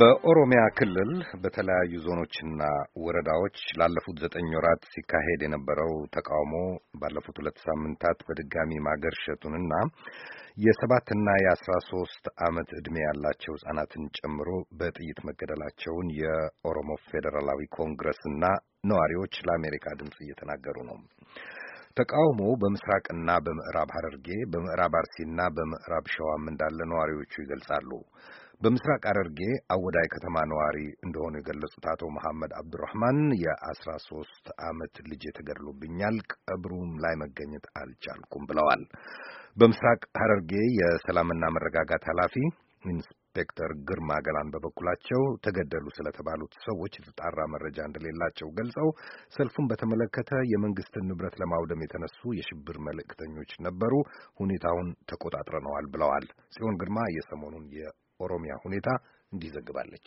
በኦሮሚያ ክልል በተለያዩ ዞኖችና ወረዳዎች ላለፉት ዘጠኝ ወራት ሲካሄድ የነበረው ተቃውሞ ባለፉት ሁለት ሳምንታት በድጋሚ ማገርሸቱንና የሰባትና የአስራ ሶስት ዓመት ዕድሜ ያላቸው ሕፃናትን ጨምሮ በጥይት መገደላቸውን የኦሮሞ ፌዴራላዊ ኮንግረስና ነዋሪዎች ለአሜሪካ ድምፅ እየተናገሩ ነው። ተቃውሞው በምስራቅና በምዕራብ ሐረርጌ በምዕራብ አርሲና በምዕራብ ሸዋም እንዳለ ነዋሪዎቹ ይገልጻሉ። በምስራቅ ሐረርጌ አወዳይ ከተማ ነዋሪ እንደሆኑ የገለጹት አቶ መሐመድ አብዱራህማን የአስራ ሶስት ዓመት ልጅ ተገድሎብኛል፣ ቀብሩም ላይ መገኘት አልቻልኩም ብለዋል። በምስራቅ ሐረርጌ የሰላምና መረጋጋት ኃላፊ ኢንስፔክተር ግርማ ገላን በበኩላቸው ተገደሉ ስለተባሉት ሰዎች የተጣራ መረጃ እንደሌላቸው ገልጸው ሰልፉን በተመለከተ የመንግስትን ንብረት ለማውደም የተነሱ የሽብር መልእክተኞች ነበሩ፣ ሁኔታውን ተቆጣጥረነዋል ብለዋል። ጽዮን ግርማ የሰሞኑን የኦሮሚያ ሁኔታ እንዲህ ዘግባለች።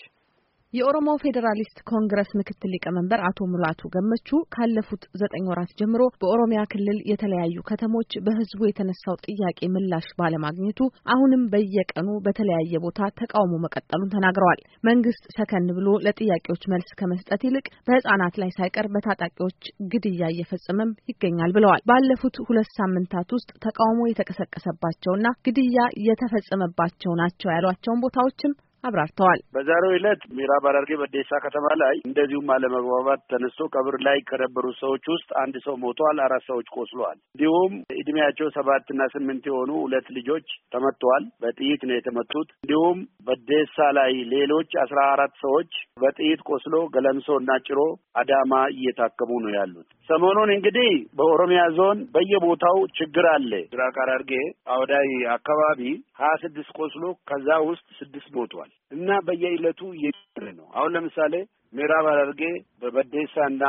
የኦሮሞ ፌዴራሊስት ኮንግረስ ምክትል ሊቀመንበር አቶ ሙላቱ ገመቹ ካለፉት ዘጠኝ ወራት ጀምሮ በኦሮሚያ ክልል የተለያዩ ከተሞች በሕዝቡ የተነሳው ጥያቄ ምላሽ ባለማግኘቱ አሁንም በየቀኑ በተለያየ ቦታ ተቃውሞ መቀጠሉን ተናግረዋል። መንግስት ሰከን ብሎ ለጥያቄዎች መልስ ከመስጠት ይልቅ በሕጻናት ላይ ሳይቀር በታጣቂዎች ግድያ እየፈጸመም ይገኛል ብለዋል። ባለፉት ሁለት ሳምንታት ውስጥ ተቃውሞ የተቀሰቀሰባቸውና ግድያ የተፈጸመባቸው ናቸው ያሏቸውን ቦታዎችም አብራርተዋል። በዛሬው ዕለት ምዕራብ ሐረርጌ በዴሳ ከተማ ላይ እንደዚሁም አለመግባባት ተነስቶ ቀብር ላይ ከነበሩ ሰዎች ውስጥ አንድ ሰው ሞቷል፣ አራት ሰዎች ቆስሏል። እንዲሁም እድሜያቸው ሰባትና ስምንት የሆኑ ሁለት ልጆች ተመተዋል። በጥይት ነው የተመቱት። እንዲሁም በዴሳ ላይ ሌሎች አስራ አራት ሰዎች በጥይት ቆስሎ ገለምሶ እና ጭሮ አዳማ እየታከሙ ነው ያሉት። ሰሞኑን እንግዲህ በኦሮሚያ ዞን በየቦታው ችግር አለ። ምስራቅ ሐረርጌ አወዳይ አካባቢ ሀያ ስድስት ቆስሎ ከዛ ውስጥ ስድስት ሞቷል። እና በየዕለቱ እየጨመረ ነው። አሁን ለምሳሌ ምዕራብ ሐረርጌ በበዴሳ እና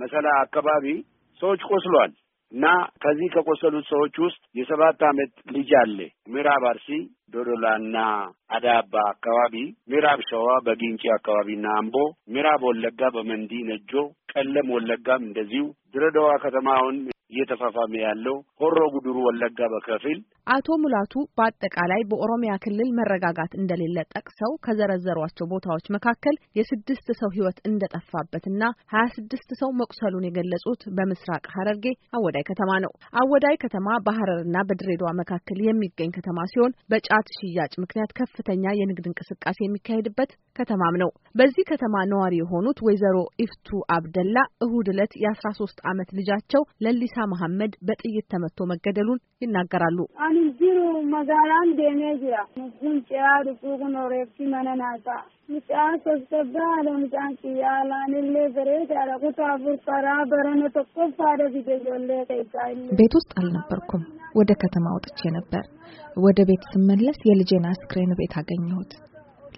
መሰላ አካባቢ ሰዎች ቆስሏል እና ከዚህ ከቆሰሉት ሰዎች ውስጥ የሰባት ዓመት ልጅ አለ። ምዕራብ አርሲ ዶዶላ እና አዳባ አካባቢ፣ ምዕራብ ሸዋ በጊንጪ አካባቢና አምቦ፣ ምዕራብ ወለጋ በመንዲ ነጆ፣ ቀለም ወለጋም እንደዚሁ ድረዳዋ ከተማውን እየተፋፋመ ያለው ሆሮ ጉዱሩ ወለጋ በከፊል አቶ ሙላቱ በአጠቃላይ በኦሮሚያ ክልል መረጋጋት እንደሌለ ጠቅሰው ከዘረዘሯቸው ቦታዎች መካከል የስድስት ሰው ህይወት እንደጠፋበትና ሀያ ስድስት ሰው መቁሰሉን የገለጹት በምስራቅ ሐረርጌ አወዳይ ከተማ ነው። አወዳይ ከተማ በሐረርና በድሬዳዋ መካከል የሚገኝ ከተማ ሲሆን በጫት ሽያጭ ምክንያት ከፍተኛ የንግድ እንቅስቃሴ የሚካሄድበት ከተማም ነው። በዚህ ከተማ ነዋሪ የሆኑት ወይዘሮ ኢፍቱ አብደላ እሁድ ዕለት የአስራ ሶስት ዓመት ልጃቸው ለሊሳ መሐመድ በጥይት ተመቶ መገደሉን ይናገራሉ። hin jiru magaalaan deemee jira. Mukkuun ce'aa dhufuu kun oreefti mana naasaa. Mucaan sassaabaa haala mucaan xiyyaa laanillee bareedaadha kutaa karaa barana tokkoof haadha fide ijoollee keessaa. ቤት ውስጥ አልነበርኩም። ወደ ከተማ ወጥቼ ነበር። ወደ ቤት ስመለስ የልጄን አስክሬን ቤት አገኘሁት።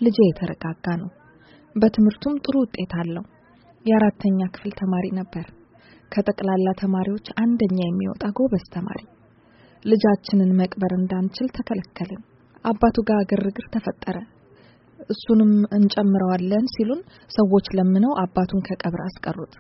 ልጄ የተረጋጋ ነው። በትምህርቱም ጥሩ ውጤት አለው። የአራተኛ ክፍል ተማሪ ነበር። ከጠቅላላ ተማሪዎች አንደኛ የሚወጣ ጎበዝ ተማሪ ልጃችንን መቅበር እንዳንችል ተከለከልን። አባቱ ጋር ግርግር ተፈጠረ። እሱንም እንጨምረዋለን ሲሉን ሰዎች ለምነው አባቱን ከቀብር አስቀሩት።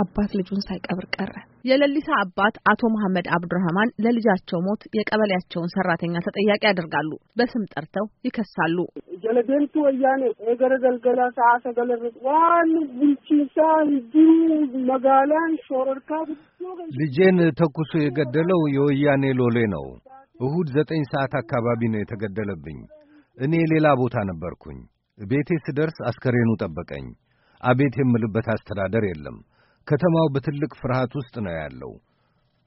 አባት ልጁን ሳይቀብር ቀረ። የለሊሳ አባት አቶ መሐመድ አብዱራህማን ለልጃቸው ሞት የቀበሌያቸውን ሰራተኛ ተጠያቂ ያደርጋሉ። በስም ጠርተው ይከሳሉ። ገለገንቱ ወያኔ የገረገልገላ ሰዓ ሰገለር ዋን ቡልቺሳ ሂዱ መጋላን ሾረርካ ልጄን ተኩሶ የገደለው የወያኔ ሎሌ ነው። እሁድ ዘጠኝ ሰዓት አካባቢ ነው የተገደለብኝ። እኔ ሌላ ቦታ ነበርኩኝ። ቤቴ ስደርስ አስከሬኑ ጠበቀኝ። አቤት የምልበት አስተዳደር የለም። ከተማው በትልቅ ፍርሃት ውስጥ ነው ያለው።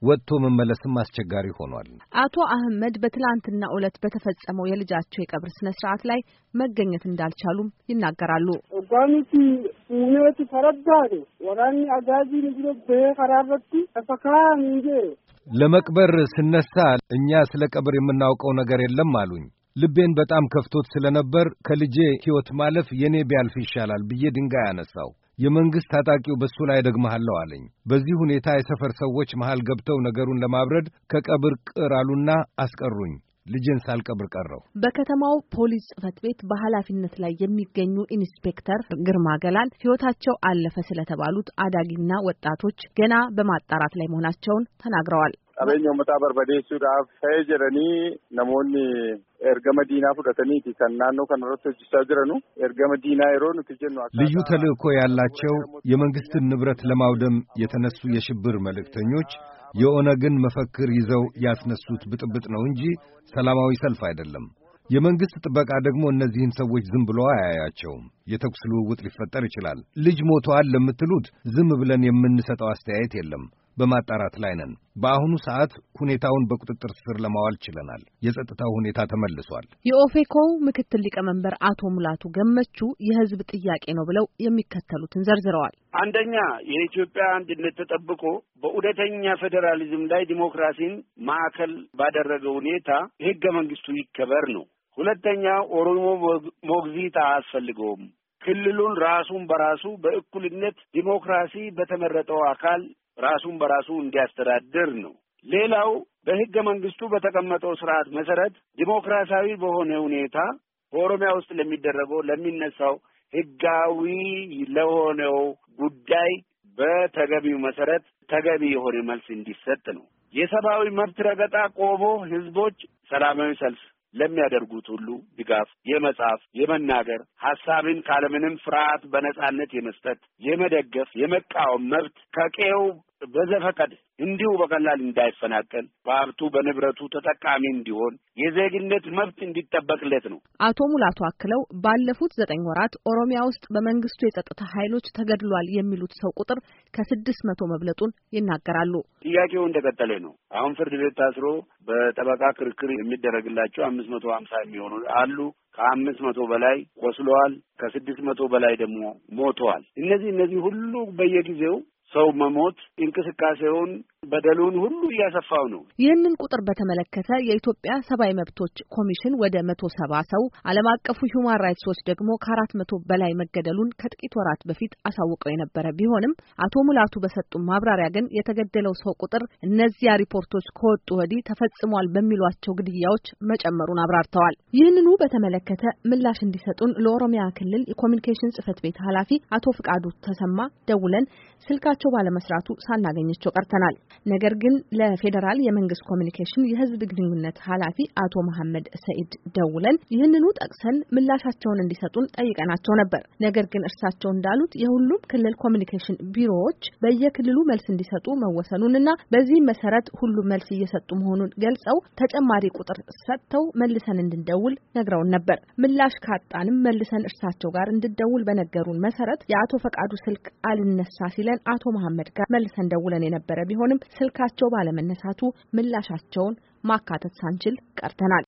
ወጥቶ መመለስም አስቸጋሪ ሆኗል። አቶ አህመድ በትላንትና ዕለት በተፈጸመው የልጃቸው የቀብር ስነ ስርዓት ላይ መገኘት እንዳልቻሉም ይናገራሉ። ጓኑቲ ሁኔቱ ተረዳሉ ወራኒ አጋዚ ንግሮ በከራረቲ ተፈካ ለመቅበር ስነሳ እኛ ስለ ቀብር የምናውቀው ነገር የለም አሉኝ። ልቤን በጣም ከፍቶት ስለነበር ከልጄ ሕይወት ማለፍ የኔ ቢያልፍ ይሻላል ብዬ ድንጋይ አነሳው። የመንግሥት ታጣቂው በሱ ላይ ደግመሃለሁ አለኝ። በዚህ ሁኔታ የሰፈር ሰዎች መሃል ገብተው ነገሩን ለማብረድ ከቀብር ቅር አሉና አስቀሩኝ። ልጄን ሳልቀብር ቀረው። በከተማው ፖሊስ ጽፈት ቤት በኃላፊነት ላይ የሚገኙ ኢንስፔክተር ግርማ ገላን ሕይወታቸው አለፈ ስለተባሉት አዳጊና ወጣቶች ገና በማጣራት ላይ መሆናቸውን ተናግረዋል። qabeenya uummataa barbadeessuudhaaf ta'ee jedhanii namoonni ergama diinaa fudhataniiti kan naannoo kana irratti hojjechaa jiranu ergama diinaa yeroo nuti jennu ልዩ ተልእኮ ያላቸው የመንግስትን ንብረት ለማውደም የተነሱ የሽብር መልእክተኞች የኦነግን መፈክር ይዘው ያስነሱት ብጥብጥ ነው እንጂ ሰላማዊ ሰልፍ አይደለም። የመንግስት ጥበቃ ደግሞ እነዚህን ሰዎች ዝም ብሎ አያያቸውም። የተኩስ ልውውጥ ሊፈጠር ይችላል። ልጅ ሞቷል ለምትሉት ዝም ብለን የምንሰጠው አስተያየት የለም። በማጣራት ላይ ነን። በአሁኑ ሰዓት ሁኔታውን በቁጥጥር ስር ለማዋል ችለናል። የጸጥታው ሁኔታ ተመልሷል። የኦፌኮው ምክትል ሊቀመንበር አቶ ሙላቱ ገመቹ የህዝብ ጥያቄ ነው ብለው የሚከተሉትን ዘርዝረዋል። አንደኛ የኢትዮጵያ አንድነት ተጠብቆ በእውነተኛ ፌዴራሊዝም ላይ ዲሞክራሲን ማዕከል ባደረገ ሁኔታ ህገ መንግስቱ ይከበር ነው። ሁለተኛ ኦሮሞ ሞግዚት አያስፈልገውም። ክልሉን ራሱን በራሱ በእኩልነት ዲሞክራሲ በተመረጠው አካል ራሱን በራሱ እንዲያስተዳድር ነው። ሌላው በህገ መንግስቱ በተቀመጠው ስርዓት መሰረት ዲሞክራሲያዊ በሆነ ሁኔታ በኦሮሚያ ውስጥ ለሚደረገው ለሚነሳው ህጋዊ ለሆነው ጉዳይ በተገቢው መሰረት ተገቢ የሆነ መልስ እንዲሰጥ ነው። የሰብአዊ መብት ረገጣ ቆቦ ህዝቦች ሰላማዊ ሰልፍ ለሚያደርጉት ሁሉ ድጋፍ የመጻፍ የመናገር ሀሳብን ካለምንም ፍርሃት በነጻነት የመስጠት የመደገፍ የመቃወም መብት ከቄው በዘፈቀድ እንዲሁ በቀላል እንዳይፈናቀል በሀብቱ በንብረቱ ተጠቃሚ እንዲሆን የዜግነት መብት እንዲጠበቅለት ነው። አቶ ሙላቱ አክለው ባለፉት ዘጠኝ ወራት ኦሮሚያ ውስጥ በመንግስቱ የጸጥታ ኃይሎች ተገድሏል የሚሉት ሰው ቁጥር ከስድስት መቶ መብለጡን ይናገራሉ። ጥያቄው እንደቀጠለ ነው። አሁን ፍርድ ቤት ታስሮ በጠበቃ ክርክር የሚደረግላቸው አምስት መቶ ሀምሳ የሚሆኑ አሉ። ከአምስት መቶ በላይ ቆስለዋል። ከስድስት መቶ በላይ ደግሞ ሞተዋል። እነዚህ እነዚህ ሁሉ በየጊዜው ሰው መሞት እንቅስቃሴውን በደሉን ሁሉ እያሰፋው ነው። ይህንን ቁጥር በተመለከተ የኢትዮጵያ ሰብአዊ መብቶች ኮሚሽን ወደ መቶ ሰባ ሰው ዓለም አቀፉ ሁማን ራይትስ ዎች ደግሞ ከአራት መቶ በላይ መገደሉን ከጥቂት ወራት በፊት አሳውቀው የነበረ ቢሆንም አቶ ሙላቱ በሰጡ ማብራሪያ ግን የተገደለው ሰው ቁጥር እነዚያ ሪፖርቶች ከወጡ ወዲህ ተፈጽሟል በሚሏቸው ግድያዎች መጨመሩን አብራርተዋል። ይህንኑ በተመለከተ ምላሽ እንዲሰጡን ለኦሮሚያ ክልል የኮሚኒኬሽን ጽህፈት ቤት ኃላፊ አቶ ፍቃዱ ተሰማ ደውለን ስልካቸው ባለመስራቱ ሳናገኘቸው ቀርተናል። ነገር ግን ለፌዴራል የመንግስት ኮሚኒኬሽን የህዝብ ግንኙነት ኃላፊ አቶ መሐመድ ሰኢድ ደውለን ይህንኑ ጠቅሰን ምላሻቸውን እንዲሰጡን ጠይቀናቸው ነበር። ነገር ግን እርሳቸው እንዳሉት የሁሉም ክልል ኮሚኒኬሽን ቢሮዎች በየክልሉ መልስ እንዲሰጡ መወሰኑንና በዚህም መሰረት ሁሉም መልስ እየሰጡ መሆኑን ገልጸው ተጨማሪ ቁጥር ሰጥተው መልሰን እንድንደውል ነግረውን ነበር። ምላሽ ካጣንም መልሰን እርሳቸው ጋር እንድደውል በነገሩን መሰረት የአቶ ፈቃዱ ስልክ አልነሳ ሲለን አቶ መሐመድ ጋር መልሰን ደውለን የነበረ ቢሆንም ስልካቸው ባለመነሳቱ ምላሻቸውን ማካተት ሳንችል ቀርተናል።